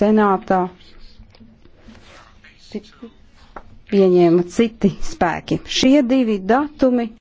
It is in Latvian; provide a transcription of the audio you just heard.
senātā pieņēma citi spēki. Šie divi datumi